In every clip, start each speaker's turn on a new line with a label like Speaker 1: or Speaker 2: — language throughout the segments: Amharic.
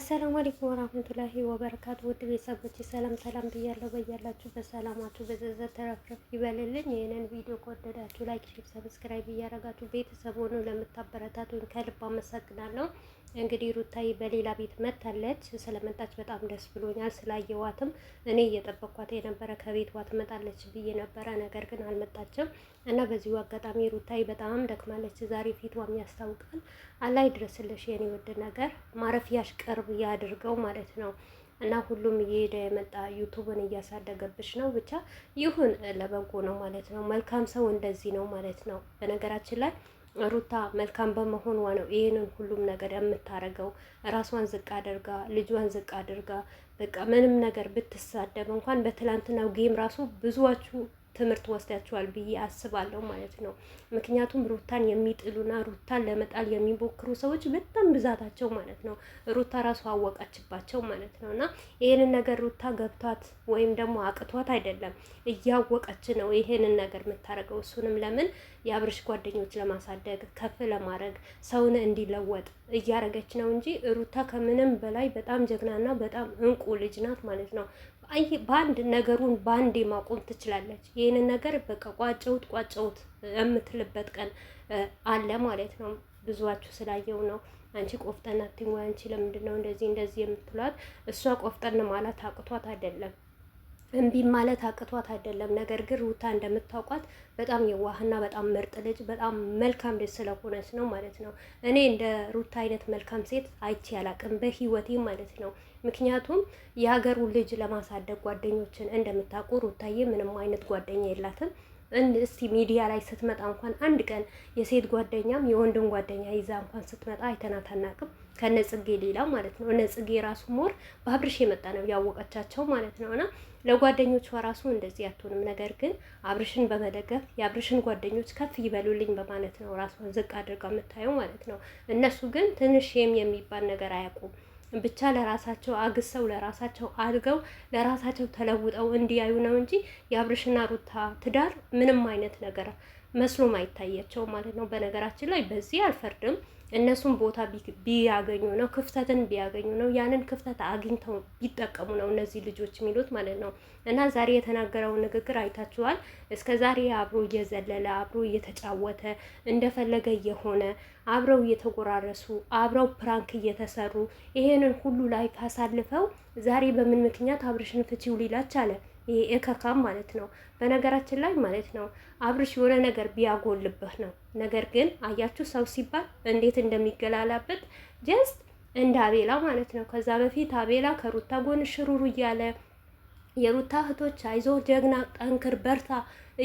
Speaker 1: አሰላሙ አለይኩም ወራህመቱላሂ ወበረካቱ ውድ ቤተሰቦች ሰላም ሰላም ብያለሁ። በያላችሁ በሰላማችሁ በዘዘ ተረፍረፍ ይበልልኝ። ይህንን ቪዲዮ ከወደዳችሁ ላይክ፣ ሼር፣ ሰብስክራይብ እያደረጋችሁ ቤተሰብ ሆኑ ለምታበረታቱኝ ከልብ አመሰግናለሁ። እንግዲህ ሩታዬ በሌላ ቤት መታለች። ስለመጣች በጣም ደስ ብሎኛል። ስላየዋትም እኔ እየጠበቅኳት የነበረ ከቤቷ ትመጣለች ብዬ ነበረ፣ ነገር ግን አልመጣችም እና በዚሁ አጋጣሚ ሩታዬ በጣም ደክማለች ዛሬ፣ ፊቷም ያስታውቃል። አላይ ድረስልሽ የኔ ውድ ነገር፣ ማረፊያሽ ቅርብ ያድርገው ማለት ነው እና ሁሉም እየሄደ የመጣ ዩቱብን እያሳደገብሽ ነው። ብቻ ይሁን ለበጎ ነው ማለት ነው። መልካም ሰው እንደዚህ ነው ማለት ነው። በነገራችን ላይ ሩታ መልካም በመሆኗ ነው ይህንን ሁሉም ነገር የምታረገው። ራሷን ዝቅ አድርጋ ልጇን ዝቅ አድርጋ በቃ ምንም ነገር ብትሳደብ እንኳን በትላንትናው ጌም ራሱ ብዙዎቹ ትምህርት ወስዳችኋል ብዬ አስባለሁ ማለት ነው። ምክንያቱም ሩታን የሚጥሉና ሩታን ለመጣል የሚሞክሩ ሰዎች በጣም ብዛታቸው ማለት ነው። ሩታ ራሱ አወቀችባቸው ማለት ነው። እና ይህንን ነገር ሩታ ገብቷት ወይም ደግሞ አቅቷት አይደለም፣ እያወቀች ነው ይሄንን ነገር የምታደርገው። እሱንም ለምን የአብርሽ ጓደኞች ለማሳደግ ከፍ ለማድረግ ሰውን እንዲለወጥ እያደረገች ነው እንጂ ሩታ ከምንም በላይ በጣም ጀግናና በጣም እንቁ ልጅ ናት ማለት ነው። አይ በአንድ ነገሩን በአንዴ ማቆም ትችላለች። ይህንን ነገር በቃ ቋጨውት ቋጨውት የምትልበት ቀን አለ ማለት ነው። ብዙዋችሁ ስላየው ነው። አንቺ ቆፍጠን አትይኝ፣ አንቺ ለምንድን ነው እንደዚህ እንደዚህ የምትሏት? እሷ ቆፍጠን ማለት አቅቷት አይደለም እምቢ ማለት አቅቷት አይደለም። ነገር ግን ሩታ እንደምታውቋት በጣም የዋህና በጣም ምርጥ ልጅ በጣም መልካም ልጅ ስለሆነች ነው ማለት ነው። እኔ እንደ ሩታ አይነት መልካም ሴት አይቼ አላቅም በህይወቴ ማለት ነው። ምክንያቱም የሀገሩ ልጅ ለማሳደግ ጓደኞችን እንደምታውቁ ሩታዬ ምንም አይነት ጓደኛ የላትም። እስቲ ሚዲያ ላይ ስትመጣ እንኳን አንድ ቀን የሴት ጓደኛም የወንድም ጓደኛ ይዛ እንኳን ስትመጣ አይተናት አናቅም። ከነጽጌ ሌላ ማለት ነው። እነጽጌ ራሱ ሞር በአብርሽ የመጣ ነው ያወቀቻቸው ማለት ነው እና ለጓደኞቿ ራሱ እንደዚህ አትሆንም። ነገር ግን አብርሽን በመደገፍ የአብርሽን ጓደኞች ከፍ ይበሉልኝ በማለት ነው ራሷን ዝቅ አድርጋ የምታየው ማለት ነው። እነሱ ግን ትንሽ ሼም የሚባል ነገር አያውቁም። ብቻ ለራሳቸው አግሰው ለራሳቸው አድገው ለራሳቸው ተለውጠው እንዲያዩ ነው እንጂ የአብርሽና ሩታ ትዳር ምንም አይነት ነገር መስሎም አይታያቸው ማለት ነው። በነገራችን ላይ በዚህ አልፈርድም። እነሱም ቦታ ቢያገኙ ነው፣ ክፍተትን ቢያገኙ ነው፣ ያንን ክፍተት አግኝተው ቢጠቀሙ ነው እነዚህ ልጆች የሚሉት ማለት ነው። እና ዛሬ የተናገረውን ንግግር አይታችኋል። እስከ ዛሬ አብሮ እየዘለለ አብሮ እየተጫወተ እንደፈለገ እየሆነ አብረው እየተጎራረሱ አብረው ፕራንክ እየተሰሩ ይሄንን ሁሉ ላይፍ አሳልፈው ዛሬ በምን ምክንያት አብርሽን ፍቺው ሊላች አለ ይሄ እከካም ማለት ነው። በነገራችን ላይ ማለት ነው አብርሽ የሆነ ነገር ቢያጎልብህ ነው። ነገር ግን አያችሁ ሰው ሲባል እንዴት እንደሚገላላበት ጀስት እንደ አቤላ ማለት ነው። ከዛ በፊት አቤላ ከሩታ ጎን ሽሩሩ እያለ የሩታ እህቶች አይዞ፣ ጀግና፣ ጠንክር፣ በርታ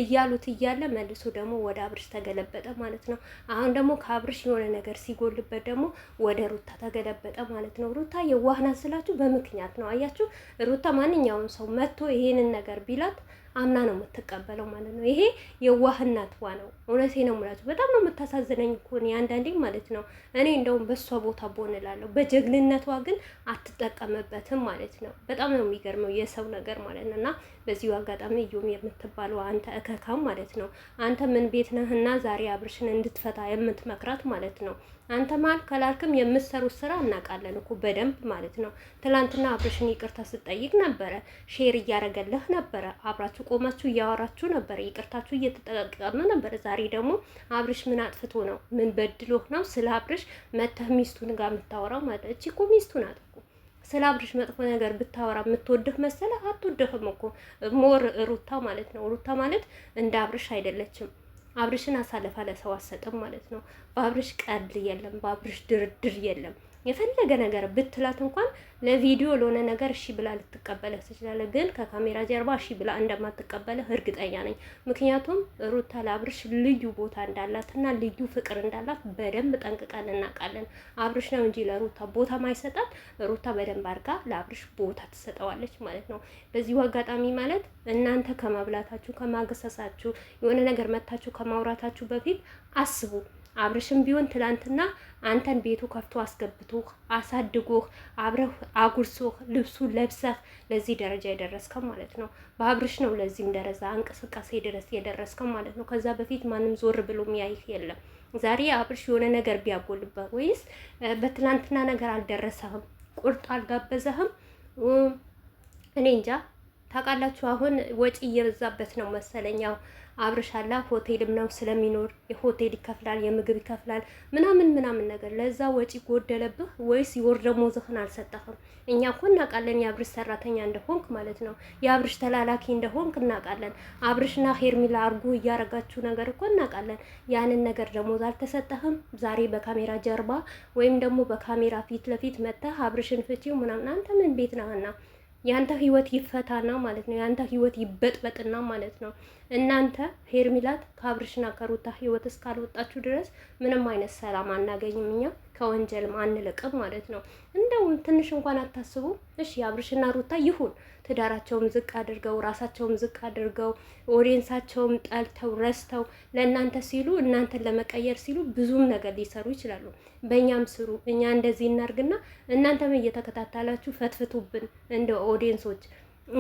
Speaker 1: እያሉት እያለ መልሶ ደግሞ ወደ አብርሽ ተገለበጠ ማለት ነው። አሁን ደግሞ ከአብርሽ የሆነ ነገር ሲጎልበት ደግሞ ወደ ሩታ ተገለበጠ ማለት ነው። ሩታ የዋህና ስላችሁ በምክንያት ነው። አያችሁ ሩታ ማንኛውም ሰው መጥቶ ይሄንን ነገር ቢላት አምና ነው የምትቀበለው ማለት ነው። ይሄ የዋህነትዋ ነው። እውነቴ ነው የምላችሁ። በጣም ነው የምታሳዝነኝ እኮ እኔ አንዳንዴ ማለት ነው። እኔ እንደውም በእሷ ቦታ ቦን እላለሁ። በጀግንነቷ ግን አትጠቀምበትም ማለት ነው። በጣም ነው የሚገርመው የሰው ነገር ማለት ነው። እና በዚሁ አጋጣሚ እዩም የምትባለው አንተ እከካም ማለት ነው። አንተ ምን ቤት ነህና ዛሬ አብርሽን እንድትፈታ የምትመክራት ማለት ነው። አንተ ማል ከላልክም የምትሰሩት ስራ እናውቃለን እኮ በደንብ ማለት ነው። ትላንትና አብርሽን ይቅርታ ስጠይቅ ነበረ፣ ሼር እያረገልህ ነበረ፣ አብራችሁ ቆማችሁ እያወራችሁ ነበረ፣ ይቅርታችሁ እየተጠቀቀመ ነበረ። ዛሬ ደግሞ አብርሽ ምን አጥፍቶ ነው? ምን በድሎህ ነው? ስለ አብርሽ መተህ ሚስቱን ጋር የምታወራው ማለት እቺ እኮ ሚስቱ ናት። ስለ አብርሽ መጥፎ ነገር ብታወራ የምትወድህ መሰለ? አትወድህም እኮ ሞር ሩታ ማለት ነው። ሩታ ማለት እንደ አብርሽ አይደለችም። አብርሽን አሳልፋ ለሰው አሰጥም ማለት ነው። በአብርሽ ቀልድ የለም፣ በአብርሽ ድርድር የለም። የፈለገ ነገር ብትላት እንኳን ለቪዲዮ ለሆነ ነገር እሺ ብላ ልትቀበልህ ትችላለህ። ግን ከካሜራ ጀርባ እሺ ብላ እንደማትቀበልህ እርግጠኛ ነኝ። ምክንያቱም ሩታ ለአብርሽ ልዩ ቦታ እንዳላትና ልዩ ፍቅር እንዳላት በደንብ ጠንቅቀን እናውቃለን። አብርሽ ነው እንጂ ለሩታ ቦታ ማይሰጣት፣ ሩታ በደንብ አድርጋ ለአብርሽ ቦታ ትሰጠዋለች ማለት ነው። በዚሁ አጋጣሚ ማለት እናንተ ከማብላታችሁ ከማገሰሳችሁ፣ የሆነ ነገር መታችሁ ከማውራታችሁ በፊት አስቡ። አብርሽም ቢሆን ትላንትና አንተን ቤቱ ከፍቶ አስገብቶህ አሳድጎህ አብረህ አጉርሶህ ልብሱ ለብሰህ ለዚህ ደረጃ የደረስከው ማለት ነው። በአብርሽ ነው ለዚህም ደረጃ እንቅስቃሴ ድረስ የደረስከው ማለት ነው። ከዛ በፊት ማንም ዞር ብሎ የሚያይህ የለም። ዛሬ አብርሽ የሆነ ነገር ቢያጎልበት ወይስ በትላንትና ነገር አልደረሰህም፣ ቁርጥ አልጋበዘህም፣ እኔ እንጃ ታውቃላችሁ። አሁን ወጪ እየበዛበት ነው መሰለኛው አብርሻላ ሆቴልም ነው ስለሚኖር የሆቴል ይከፍላል፣ የምግብ ይከፍላል ምናምን ምናምን ነገር ለዛ ወጪ ጎደለብህ ወይስ የወር ደመወዝህን አልሰጠህም? እኛ እኮ እናውቃለን የአብርሽ ሰራተኛ እንደሆንክ ማለት ነው፣ የአብርሽ ተላላኪ እንደሆንክ እናውቃለን። አብርሽና ሄርሚላ አርጉ እያረጋችሁ ነገር እኮ እናውቃለን። ያንን ነገር ደሞዝ አልተሰጠህም። ዛሬ በካሜራ ጀርባ ወይም ደግሞ በካሜራ ፊት ለፊት መጥተህ አብርሽን ፍቺው ምናምን አንተ ምን ቤት ነህና ያንተ ህይወት ይፈታና ማለት ነው። ያንተ ህይወት ይበጥበጥና ማለት ነው። እናንተ ሄርሚላት ከአብርሽና ከሩታ ህይወት እስካልወጣችሁ ድረስ ምንም አይነት ሰላም አናገኝም እኛ ከወንጀል አንልቅም ማለት ነው። እንደው ትንሽ እንኳን አታስቡ። እሺ አብርሽና ሩታ ይሁን ትዳራቸውም ዝቅ አድርገው ራሳቸውም ዝቅ አድርገው ኦዲየንሳቸውም ጠልተው ረስተው ለእናንተ ሲሉ እናንተን ለመቀየር ሲሉ ብዙም ነገር ሊሰሩ ይችላሉ። በእኛም ስሩ፣ እኛ እንደዚህ እናርግና እናንተም እየተከታተላችሁ ፈትፍቱብን እንደ ኦዲየንሶች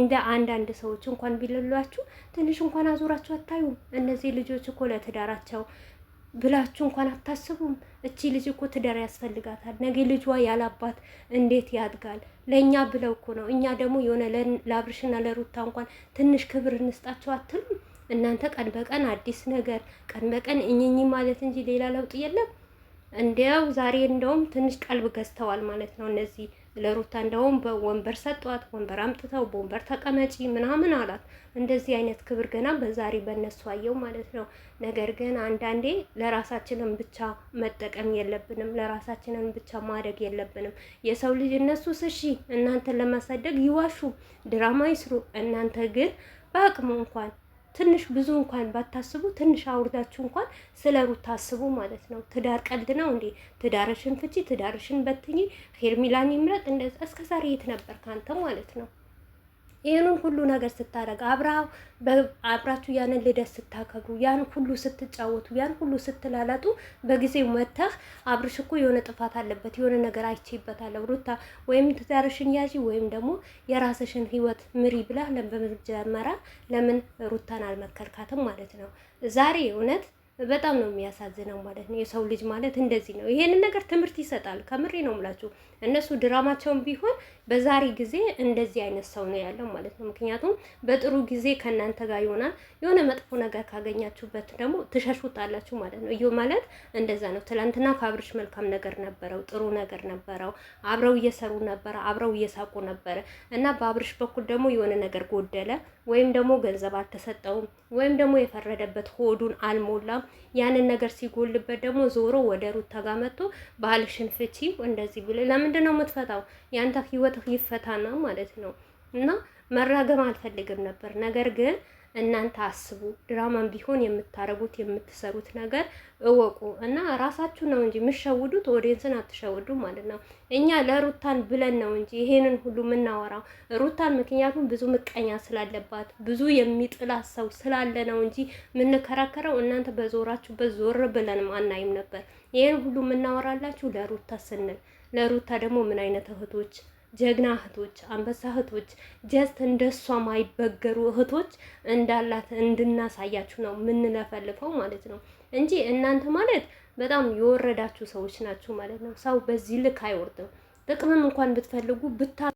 Speaker 1: እንደ አንዳንድ ሰዎች እንኳን ቢለሏችሁ ትንሽ እንኳን አዙራችሁ አታዩ። እነዚህ ልጆች እኮ ለትዳራቸው ብላችሁ እንኳን አታስቡም። እቺ ልጅ እኮ ትዳር ያስፈልጋታል። ነገ ልጇ ያላባት እንዴት ያድጋል? ለእኛ ብለው እኮ ነው። እኛ ደግሞ የሆነ ለአብርሽና ለሩታ እንኳን ትንሽ ክብር እንስጣቸው አትሉም? እናንተ ቀን በቀን አዲስ ነገር ቀን በቀን እኝኝ ማለት እንጂ ሌላ ለውጥ የለም። እንዲያው ዛሬ እንደውም ትንሽ ቀልብ ገዝተዋል ማለት ነው እነዚህ ለሩታ እንደውም በወንበር ሰጧት። ወንበር አምጥተው በወንበር ተቀመጪ ምናምን አላት። እንደዚህ አይነት ክብር ገና በዛሬ በእነሱ አየው ማለት ነው። ነገር ግን አንዳንዴ ለራሳችንም ብቻ መጠቀም የለብንም፣ ለራሳችንም ብቻ ማደግ የለብንም። የሰው ልጅ እነሱ ስሺ እናንተን ለማሳደግ ይዋሹ፣ ድራማ ይስሩ። እናንተ ግን በአቅሙ እንኳን ትንሽ ብዙ እንኳን ባታስቡ ትንሽ አውርዳችሁ እንኳን ስለ ሩት አስቡ ማለት ነው። ትዳር ቀልድ ነው እንዴ? ትዳርሽን ፍቺ፣ ትዳርሽን በትኝ። ሄርሚላን ይምረጥ። እንደዛ እስከ ዛሬ የት ነበር ካንተ ማለት ነው? ይህንን ሁሉ ነገር ስታደረግ አብረው አብራችሁ ያንን ልደት ስታከብሩ ያን ሁሉ ስትጫወቱ ያን ሁሉ ስትላላጡ በጊዜው መተህ አብርሽ እኮ የሆነ ጥፋት አለበት የሆነ ነገር አይቼበታለሁ ሩታ ወይም ትዳርሽን ያዢ ወይም ደግሞ የራስሽን ህይወት ምሪ ብላ በመጀመሪያ ለምን ሩታን አልመከርካትም ማለት ነው ዛሬ እውነት በጣም ነው የሚያሳዝነው ማለት ነው። የሰው ልጅ ማለት እንደዚህ ነው። ይሄንን ነገር ትምህርት ይሰጣል። ከምሬ ነው የምላችሁ። እነሱ ድራማቸውን ቢሆን በዛሬ ጊዜ እንደዚህ አይነት ሰው ነው ያለው ማለት ነው። ምክንያቱም በጥሩ ጊዜ ከእናንተ ጋር ይሆናል፣ የሆነ መጥፎ ነገር ካገኛችሁበት ደግሞ ትሸሹታላችሁ ማለት ነው። እዩ ማለት እንደዛ ነው። ትናንትና ከአብርሽ መልካም ነገር ነበረው፣ ጥሩ ነገር ነበረው። አብረው እየሰሩ ነበረ፣ አብረው እየሳቁ ነበረ እና በአብርሽ በኩል ደግሞ የሆነ ነገር ጎደለ፣ ወይም ደግሞ ገንዘብ አልተሰጠውም፣ ወይም ደግሞ የፈረደበት ሆዱን አልሞላም ያንን ነገር ሲጎልበት ደግሞ ዞሮ ወደ ሩታ ጋር መጥቶ ባልሽን ፍቺው እንደዚህ ብለ ለምንድን ነው የምትፈታው? ያንተ ህይወት ይፈታና ማለት ነው። እና መራገም አልፈልግም ነበር ነገር ግን እናንተ አስቡ። ድራማን ቢሆን የምታረጉት የምትሰሩት ነገር እወቁ እና ራሳችሁ ነው እንጂ የምትሸውዱት ኦዲየንስን አትሸውዱ ማለት ነው። እኛ ለሩታን ብለን ነው እንጂ ይሄንን ሁሉ የምናወራው ሩታን፣ ምክንያቱም ብዙ ምቀኛ ስላለባት ብዙ የሚጥላት ሰው ስላለ ነው እንጂ የምንከራከረው። እናንተ በዞራችሁበት ዞር ብለንም አናይም ነበር። ይሄን ሁሉ የምናወራላችሁ ለሩታ ስንል ለሩታ ደግሞ ምን አይነት እህቶች ጀግና እህቶች፣ አንበሳ እህቶች፣ ጀስት እንደሷ ማይበገሩ እህቶች እንዳላት እንድናሳያችሁ ነው የምንለፈልፈው ማለት ነው እንጂ እናንተ ማለት በጣም የወረዳችሁ ሰዎች ናችሁ ማለት ነው። ሰው በዚህ ልክ አይወርድም። ጥቅምም እንኳን ብትፈልጉ ብታ